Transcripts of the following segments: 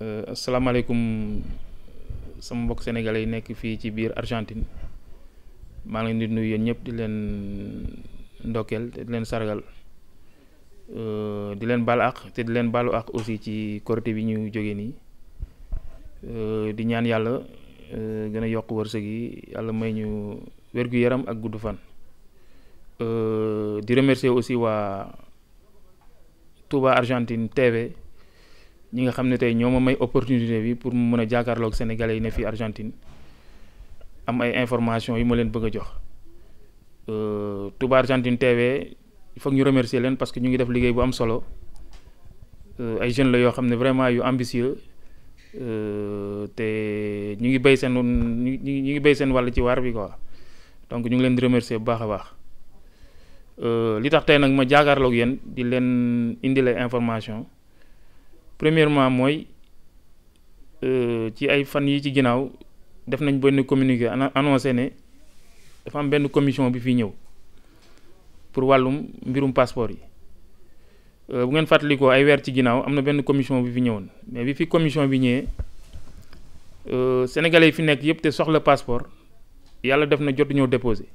Euh, asalaamaaleykum sama mbokk sénégal yi nekk fii ci biir Argentine maa ngi leen di nuyu yéen ñëpp di leen ndokkeel te di leen sargal euh, di leen baal àq te di leen baalu ak aussi ci korité bi ñu jóge nii euh, di ñaan yàlla gën a yokk wërsëg yi yàlla may ñu wér-gu-yaram ak gudd fan. di remercier aussi waa Touba Argentine TV. ñi nga xam ne tey ñoo ma may opportunité bi pour mu mën a jàkkaarloog sénégalais yi ne fi Argentine am ay information yu ma leen bëgg a jox euh, Touba Argentine TV il faut ñu remercier leen parce que ñu ngi def liggéey bu am solo euh, ay jeunes la yoo xam ne vraiment yu ambitieux euh, te ñu ngi bay seen ñu ñu ngi béy seen wàll ci waar bi quoi donc ñu ngi leen di remercier bu baax a baax li tax tey nag ma jàkkaarloog yéen di leen indi information premièrement mooy euh, ci ay fan yi ci ginnaaw def nañ benn communiqué annoncé ne dafa am benn commission bi fi ñëw pour wàllum mbirum passeport yi euh, bu ngeen fàttalikoo ay weer ci ginnaaw am na benn commission bi fi ñëwoon mais bi fi commission bi ñëwee euh, sénégalais yi fi nekk yëpp te soxla passeport yàlla def na jot ñoo déposé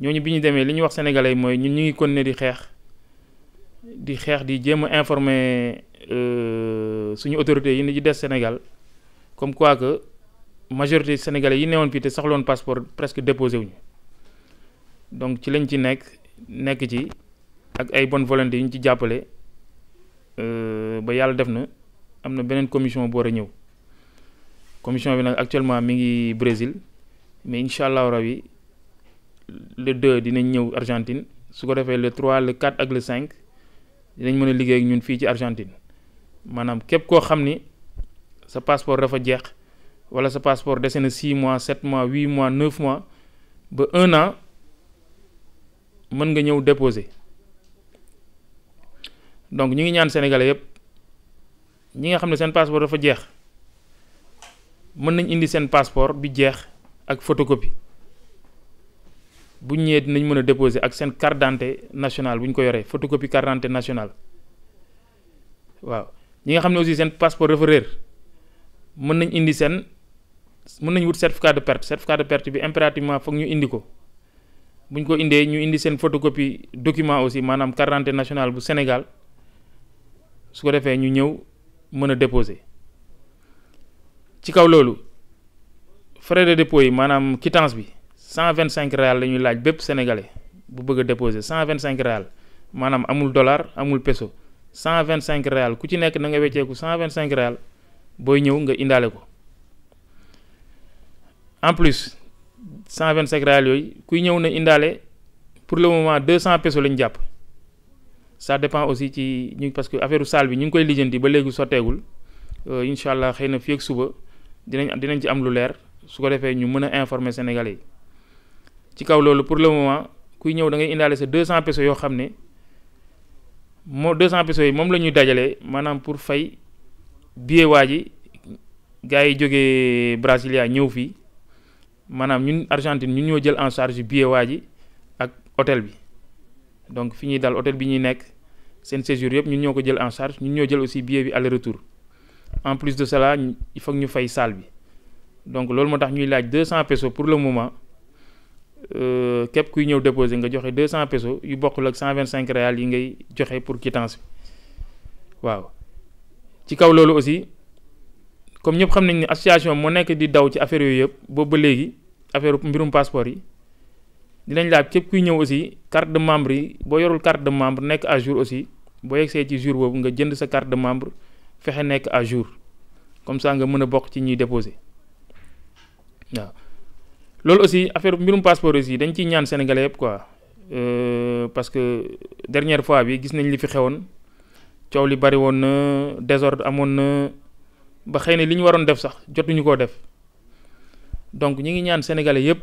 ñooñu bi ñu demee li ñuy wax sénégalais yi mooy ñun ñu ngi continuer di xeex di xeex di jéem a Euh, suñu autorités yi ni ci des Sénégal comme quoi que majorité sénégalais yi newoon fii te soxloon passeport presque déposé ñu donc ci lañ ci nekk nekk ci ak ay bonne volonté yi ñu ci jàppale euh, ba yàlla def na am na beneen commission bu war a ñëw commission bi nag actuellement mi ngi Brésil mais incha allah rabi le 2 dinañ ñëw Argentine su ko defee le 3 le 4 ak le 5 dinañ mën a liggéey ak ñun fii ci Argentine. maanaam képp koo xam ni sa passeport dafa jeex wala sa passeport dese na 6 mois 7 mois 8 mois 9 mois ba un an mën nga ñëw déposer donc ñu ngi ñaan sénégalais yëpp ñi nga xam ne seen passeport dafa jeex mën nañ indi seen passeport bi jeex ak photocopie bu ñu ñëwee dinañ mën a déposé ak seen carte d'identité nationale bu ñu ko yoree photocopie carte d'identité nationale waaw. ñi nga xam ne aussi seen passeport dafa réer mën nañ indi seen mën nañ wut certificat de perte certificat de perte bi impérativement foog ñu indi ko bu ñu ko indee ñu indi seen photocopie document aussi maanaam carte d'identité nationale bu Sénégal su ko defee ñu ñëw mën a déposer ci kaw loolu frais de dépôt yi maanaam quittance bi cent vingt cinq réal la ñuy laaj bépp sénégalais bu bëgg a déposer cent vingt cinq réal maanaam amul dollar amul peso cent vingt cinq réal ku ci nekk na nga wecceeku cent vingt cinq réal booy ñëw nga indaale ko en plus cent vingt cinq réal yooyu kuy ñëw na indaale pour le moment deux cent pesos lañ jàpp ça dépend aussi ci ñu parce que affaire salle bi ñu ngi koy lijjanti ba léegi sotteegul euh, incha allah xëy na fii ak suba dinañ dinañ ci am lu leer su ko defee ñu mën a informer sénégalais yi ci kaw loolu pour la moment kuy ñëw da ngay indaale sa deux cent pesos yoo xam ne. moo 200 pesos yi moom la ñuy dajale maanaam pour fay billet waa ji gars yi jógee Brasilia ñëw fii maanaam ñun Argentine ñun ñoo jël en charge billet waa ji ak hôtel bi donc fi ñuy dal hôtel bi ñuy nekk seen séjour yëpp ñun ñoo ko jël en charge ñun ñoo jël aussi billet bi aller retour en plus de cela il faut ñu fay salle bi donc loolu moo tax ñuy laaj 200 pesos pour le moment. Euh, képp kuy ñëw déposé nga joxe deux cent pesos yu bokkul ak cent vingt cinq réal yi ngay joxe pour quittance bi waaw ci kaw loolu aussi comme ñëpp xam nañ ne association moo nekk di daw ci affaire yooyu yëpp boobu ba léegi affaire mbirum passeport yi dinañ laaj képp kuy ñëw aussi carte de membre yi boo yorul carte de membre nekk à jour aussi boo yegsee ci jour boobu nga jënd sa carte de membre fexe nekk à jour comme ça nga mën a bokk ci ñuy déposé loolu aussi affaire mbirum passeport aussi dañ ciy ñaan sénégalais yëpp ko euh, parce que dernière fois bi gis nañ li fi xewoon coow li bari woon na désordre amoon na ba xëy na li ñu waroon def sax jotuñu koo def donc ñu ngi ñaan sénégalais yëpp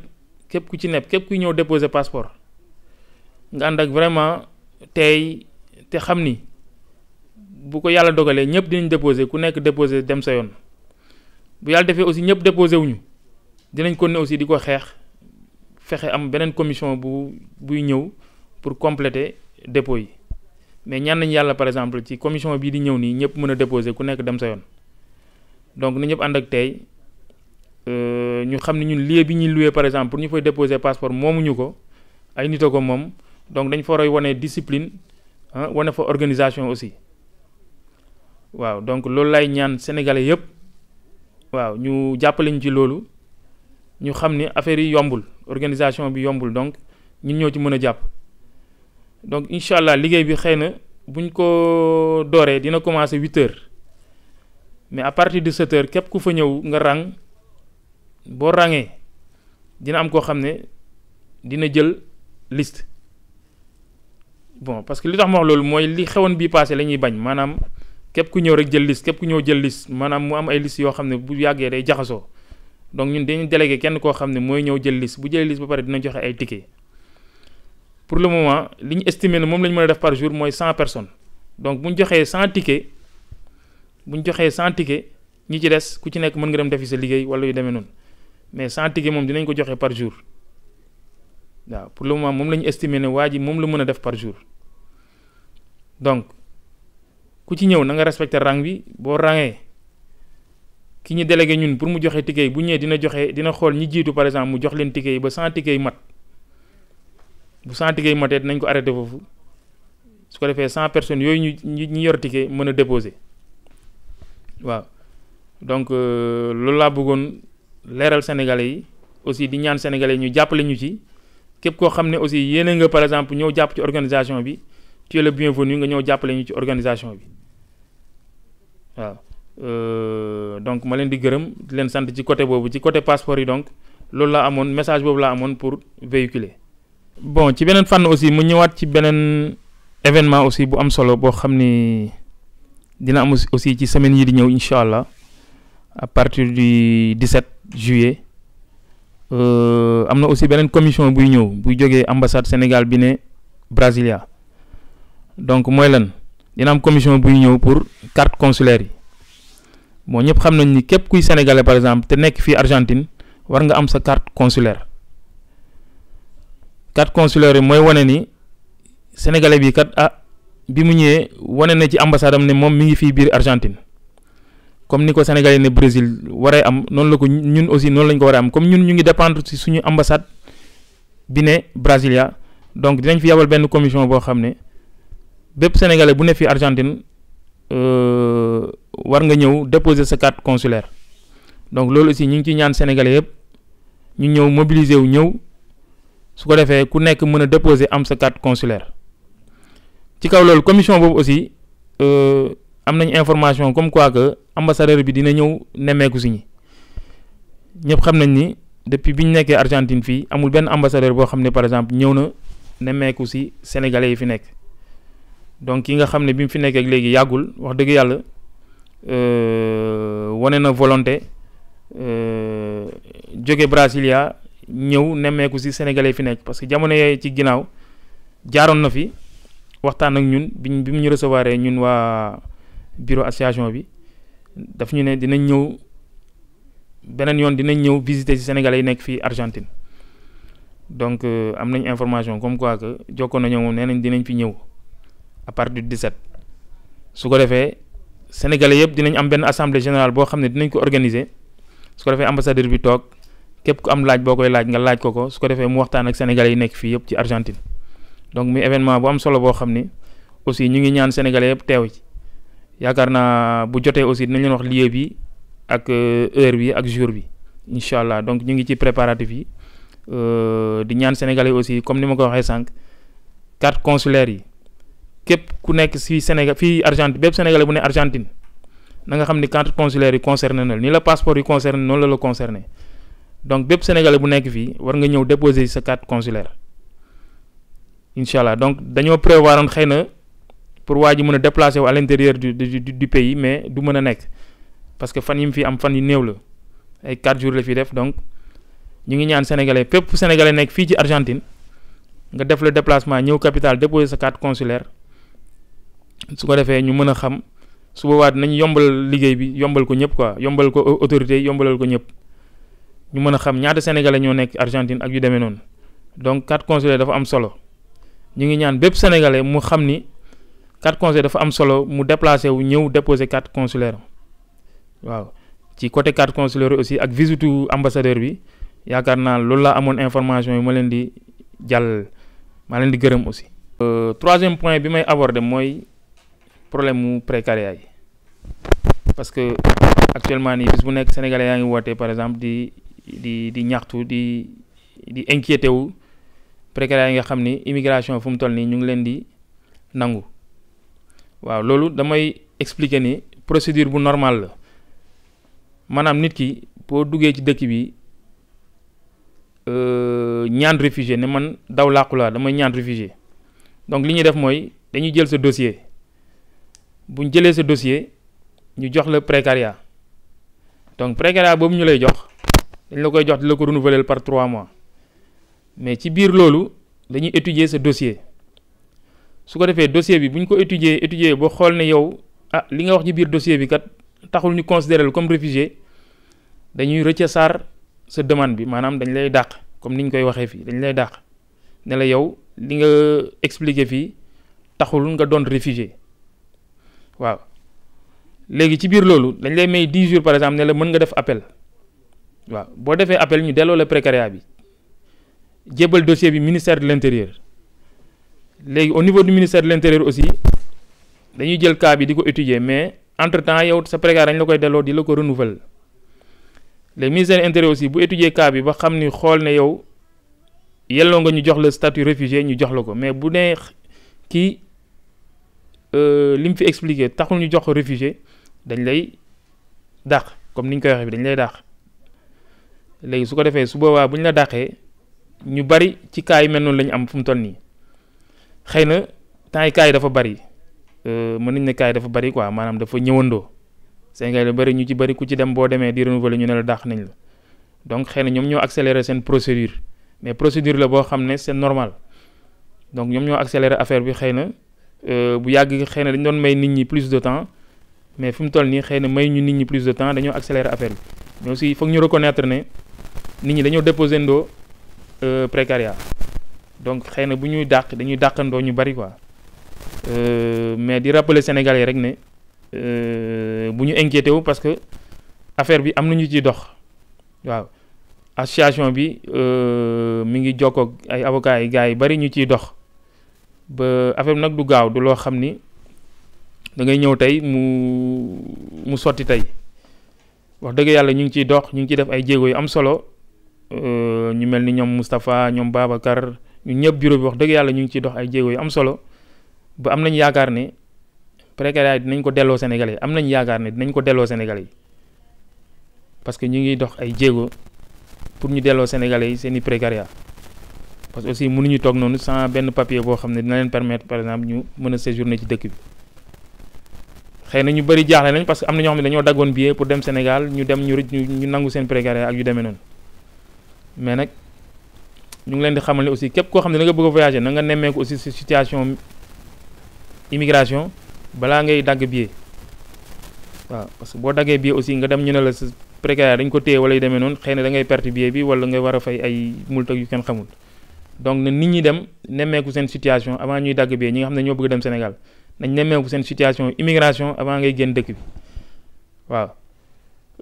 képp ku ci nepp képp kuy ñëw déposer passeport nga ànd ak vraiment tey te xam ni bu ko yàlla dogalee ñëpp dinañ déposer ku nekk déposer dem sa yoon bu yàlla defee aussi ñëpp déposer wuñu dinañ ko ne aussi di ko xeex fexe am beneen commission bu buy ñëw pour compléter dépôt yi mais ñaan nañ yàlla par exemple ci commission bii di ñëw nii ñëpp mën a déposer ku nekk dem sa yoon donc na ñëpp ànd ak tey euh, ñu xam ni ñun lieu bi ñuy loué par exemple pour ñu fay déposé passeport moomuñu ko ay nit a ko moom donc dañ fa roy wane discipline ah wane fa organisation aussi waaw donc loolu lay ñaan sénégalais yëpp waaw ñu jàppale ñu ci loolu. ñu xam ne affaire yi yombul organisation bi yombul donc ñun ñoo ci mën a jàpp donc incha allah liggéey bi xëy na buñ ko dooree dina commencer huit heures mais à partir de sept heures képp ku fa ñëw nga ràng boo ràngee dina am koo xam ne dina jël liste bon parce que li tax ma wax loolu mooy li xewoon bi passé la ñuy bañ maanaam képp ku ñëw rek jël liste képp ku ñëw jël liste maanaam mu am ay liste yoo xam ne bu yàggee day jaxasoo donc ñun dañu délégué kenn koo xam ne mooy ñëw jël liste bu jëlee liste ba pare dina joxe ay ticket pour le moment li ñu estimé ne moom la ñu mën a def par jour mooy cent personnes donc bu ñu joxee cent ticket bu ñu joxee cent ñi ci des ku ci nekk mën nga dem defi sa liggéey wala yu demee noonu mais cent ticket moom dinañ ko joxe par jour waaw pour le moment moom la ñu estimé ne waa ji moom la mën a def par jour donc ku ci ñëw na nga respecté rang bi boo rangee. ki ñu délégué ñun pour mu joxe ticket yi bu ñëwee dina joxe dina xool ñi jiitu par exemple mu jox leen ticket yi ba 100 ticket yi mat bu 100 ticket yi matee dinañ ko arrêté foofu su ko defee 100 personnes yooyu ñu ñu yor ticket mën a déposé waaw donc euh, loolu laa bëggoon leeral sénégalais yi aussi di ñaan sénégalais ñu jàppale ñu ci képp koo xam ne aussi yéene nga par exemple ñëw jàpp ci organisation bi tu es le bienvenu nga ñëw jàppale ñu ci organisation bi Euh, donc ma leen di gërëm di leen sant ci côté boobu ci côté passeport yi donc loolu laa amoon message boobu laa amoon pour véhiculer. bon ci beneen fànn aussi mu ñëwaat ci beneen événement aussi bu am solo boo xam ni dina am aussi ci semaine yi di ñëw incha allah à partir du 17 juillet euh, am na aussi beneen commission buy ñëw buy jógee ambassade Sénégal bi ne Brasilia donc mooy leen dina am commission buy ñëw pour carte consulaire yi. bon ñëpp xam nañ ni képp kuy sénégalais par exemple te nekk fi Argentine war nga am sa carte consulaire carte consulaire yi mooy wane ni sénégalais bi kat ah bi mu ñëwee wane na ci ambassade am ne moom mi ngi fii biir Argentine comme ni ko sénégalais ne Brésil waree am noonu la ko ñun aussi noonu lañ ko waree am comme ñun ñu ngi dépendre si suñu ambassade bi ne Brasilia donc dinañ fi yabal benn commission boo xam ne bépp sénégalais bu ne fii Argentine Euh, war nga ñëw déposer sa carte consulaire donc loolu aussi ñu ngi ci ñaan sénégalais yëpp ñu ñëw mobiliser wu ñëw su ko defee ku nekk mën a déposer am sa carte consulaire ci kaw loolu commission boobu aussi euh, am nañ information comme quoi que ambassadeur bi dina ñëw nemmeeku si ñi ñëpp xam nañ ni depuis bi ñu nekkee Argentine fii amul benn ambassadeur boo xam ne par exemple ñëw na nemmeeku si sénégalais yi fi nekk. donc ki nga xam ne bi mu fi nekk ak léegi yàggul wax dëgg yàlla euh, wane na volonté euh, jóge Brasilia ñëw nemmeeku si sénégalais fi nekk parce que jamono yee ci ginnaaw jaaroon na fi waxtaan ak ñun biñ bi mu ñu recevoir ñun waa bureau association bi daf ñu ne dinañ ñëw beneen yoon dinañ ñëw visiter si sénégalais yi nekk fii Argentine donc euh, am nañ information comme quoi que jokkoon nañoo moom nee nañ dinañ fi ñëw. à partir du 17 su ko defee sénégalais yëpp dinañ am benn assemblée générale boo xam ne dinañ ko organiser su ko defee ambassadeur bi toog képp ku am laaj boo koy laaj nga laaj ko ko su ko defee mu waxtaan ak sénégalais yi nekk fii yëpp ci Argentine donc muy événement bu am solo boo xam ni aussi ñu ngi ñaan sénégalais yëpp teewu ci yaakaar naa bu jotee aussi dinañ leen wax lieu bi ak euh, heure bi ak jour bi incha allah donc ñu ngi ci préparatifs yi euh, di ñaan sénégalais aussi comme ni ma ko waxee sànq carte consulaire yi. képp ku nekk si Sénégal fii Argentine bépp sénégalais bu ne Argentine na nga xam ni carte consulaire yi concerné na ni la passeport yi concerné noonu la la concerné donc bépp sénégalais bu nekk fii war nga ñëw déposé sa carte consulaire incha allah donc dañoo prévoir xëy na pour waa ji mën a déplacer wu à l'intérieur du du du pays mais du mën a nekk parce que fan yi mu fi am fan yu néew la ay 4 jour la fi def donc ñu ngi ñaan sénégalais fépp sénégalais nekk fii ci Argentine nga def le déplacement ñëw capitale déposer sa carte consulaire. su ko defee ñu mën a xam su boobaa nañ yombal liggéey bi yombal ko ñëpp quoi yombal ko autorité yombalal ko ñëpp ñu mën a xam ñaata sénégalais ñoo nekk Argentine ak yu demee noonu donc carte consulaire dafa am solo ñu ngi ñaan bépp sénégalais mu xam ni carte consulaire dafa am solo mu déplacé wu ñëw déposé carte consulaire waaw ci côté carte consulaire aussi ak visitu ambassadeur bi yaakaar naa loolu laa amoon information yi ma leen di jàll maa leen di gërëm aussi. Euh, troisième point bi may aborder mooy. problème mu précaria yi parce que actuellement nii bis bu nekk sénégalais yaa ngi woote par exemple di di di ñaxtu di di inquiété wu précaria yi nga xam ni immigration fu mu toll nii ñu ngi leen di nangu waaw loolu damay expliquer ni procédure bu normal la maanaam nit ki boo duggee ci dëkk bi euh, ñaan réfugié ne man daw làqu laa damay ñaan réfugié donc li ñuy def mooy dañuy jël sa dossier bu ñu jëlee sa dossier ñu jox la précaria donc précaria boobu ñu lay jox dañ la koy jox di la ko renouveler par trois mois mais ci biir loolu dañuy étudier sa dossier su ko defee dossier bi bu ñu ko étudier étudier boo xool ne yow ah li nga wax ci biir dossier bi kat taxul ñu considérer comme réfugié dañuy rechasser sa demande bi maanaam dañ lay dàq comme ni ñu koy waxee fii dañ lay dàq ne la yow li nga expliqué fii taxul nga doon réfugié waaw léegi ci biir loolu dañ lay may dix jours par exemple ne la mën nga def appel waaw boo defee appel ñu delloo la précaria bi jébbal dossier bi ministère de l'intérieur léegi au niveau du ministère de l'intérieur aussi dañuy jël cas bi di ko étudier mais entre temps yow sa précaria dañ la koy delloo di la ko renouveler le ministère de l'intérieur aussi bu étudier cas bi ba xam ni xool ne yow yelloo nga ñu jox la statu réfugié ñu jox la ko mais bu ne kii Euh, li mu fi expliqué taxul ñu jox ko réfugié dañ lay dàq comme ni koy waxee bi dañ lay dàq léegi su ko defee su boobaa bu ñu la dàqee ñu bari ci cas yi mel noonu lañu am fu mu toll nii xëy na temps yi cas dafa bari euh, mën nañ ne kaay dafa bari quoi maanaam dafa ñëwandoo Sénégal la bari ñu ci bari ku ci dem boo demee di renouveler ñu ne la dàq nañ la donc xëy na ñoom ñoo accélérer seen procédure mais procédure la boo xam ne seen normal donc ñoom ñoo accélérer affaire bi xëy na. Euh, bu yàgg xëy na dañ doon may nit ñi plus de temps mais fi mu toll nii xëy na may ñu nit ñi plus de temps dañoo accélérer affaire bi mais aussi foog ñu reconnaître ne nit ñi dañoo déposé ndoo euh, précariat donc xëy na bu ñuy dàq dañuy dàqandoo ñu bari quoi euh, mais di rappeler Sénégalais rek ne bu ñu inquiété wu parce que affaire bi am na ñu ciy dox waaw association bi mu ngi jokkoog ay avocats yi gars yi bari ñu ciy dox. ba affaire nag du gaaw du loo xam ni da ngay ñëw tey mu mu sotti tey wax dëgg yàlla ñu ngi ciy dox ñu ngi ciy def ay jéego yu am solo euh, ñu mel ni ñoom Moustapha ñoom Babacar ñëpp bureau bi wax dëgg yàlla ñu ngi ciy dox ay jéego yu am solo ba am nañ yaakaar ne précaire dinañ ko delloo Sénégalais am nañ yaakaar ne dinañ ko delloo Sénégalais yi parce que ñu ngi dox ay jéego pour ñu delloo Sénégalais yi seen i précaria parce que aussi mënuñu toog noonu sans benn papier boo xam ne dina leen permettre par exemple ñu mën a séjourner ci dëkk bi xëy na ñu bëri jaaxle nañ parce que am na ñoo xam ne dañoo daggoon billet pour dem Sénégal ñu dem ñu ñu nangu seen précaré ak yu demee noonu mais nag ñu ngi leen di xamal ne aussi képp koo xam ne da nga bëgg a voyager na nga nemmeeku aussi si situation balaa ngay dagg billet waaw parce que boo daggee billet aussi nga dem ñu ne la sa ko téye wala yu demee noonu xëy na ngay perte bi wala nga war fay ay multa yu kenn xamul. donc ni nit ñi dem nemmeeku seen situation avant ñuy dagg bee ñi nga xam ne ñoo bëgg dem Sénégal nañ nemmeeku seen situation immigration avant ngay génn dëkk bi waaw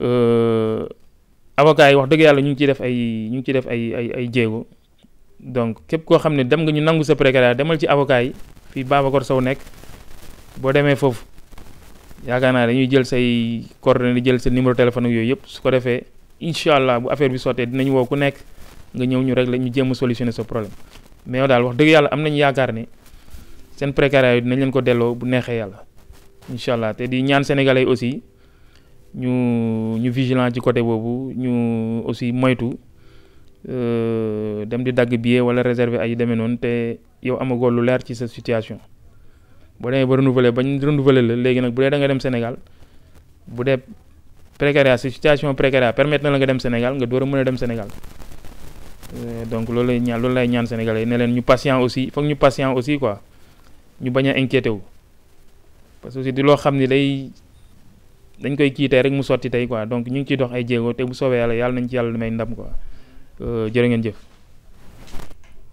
euh, avocats yi wax dëgg yàlla ñu ngi ciy def ay ñu ngi ciy def ay ay ay jéego donc képp koo xam ne dem nga ñu nangu sa précarité demal ci avocats yi fii Babacar Sow nekk boo demee foofu yaakaar naa dañuy jël say coordonnées jël sa numéro téléphone ak yooyu yëpp su ko defee incha allah bu affaire bi sotee dinañ woo ku nekk. nga ñëw ñu régler ñu jéem a solutionner ce problème mais daal wax dëgg yàlla am nañu yaakaar ne seen précarité dinañ leen ko delloo bu neexee yàlla incha allah te di ñaan sénégalais aussi ñu ñu vigilant ci côté boobu ñu aussi moytu euh, dem di dagg billet wala réserver ay demee noonu te yow amagoo lu leer ci sa situation boo demee ba renouveler bañ renouveler la léegi nag bu dee da nga dem Sénégal bu dee précaria sa situation précaria permettre na la nga dem Sénégal nga door a mën a dem Sénégal Euh, donc loolu lay ñaan loolu lay ñaan sénégalais yi ne leen ñu patient aussi foog ñu patient aussi quoi ñu bañ a inquiété wu parce que aussi di loo xam ni day dañ koy kii tey rek mu sotti tey quoi donc ñu ngi ciy dox ay jéego te bu soobee yàlla yàlla nañ ci yàlla may ndam quoi euh, jërë ngeen jëf.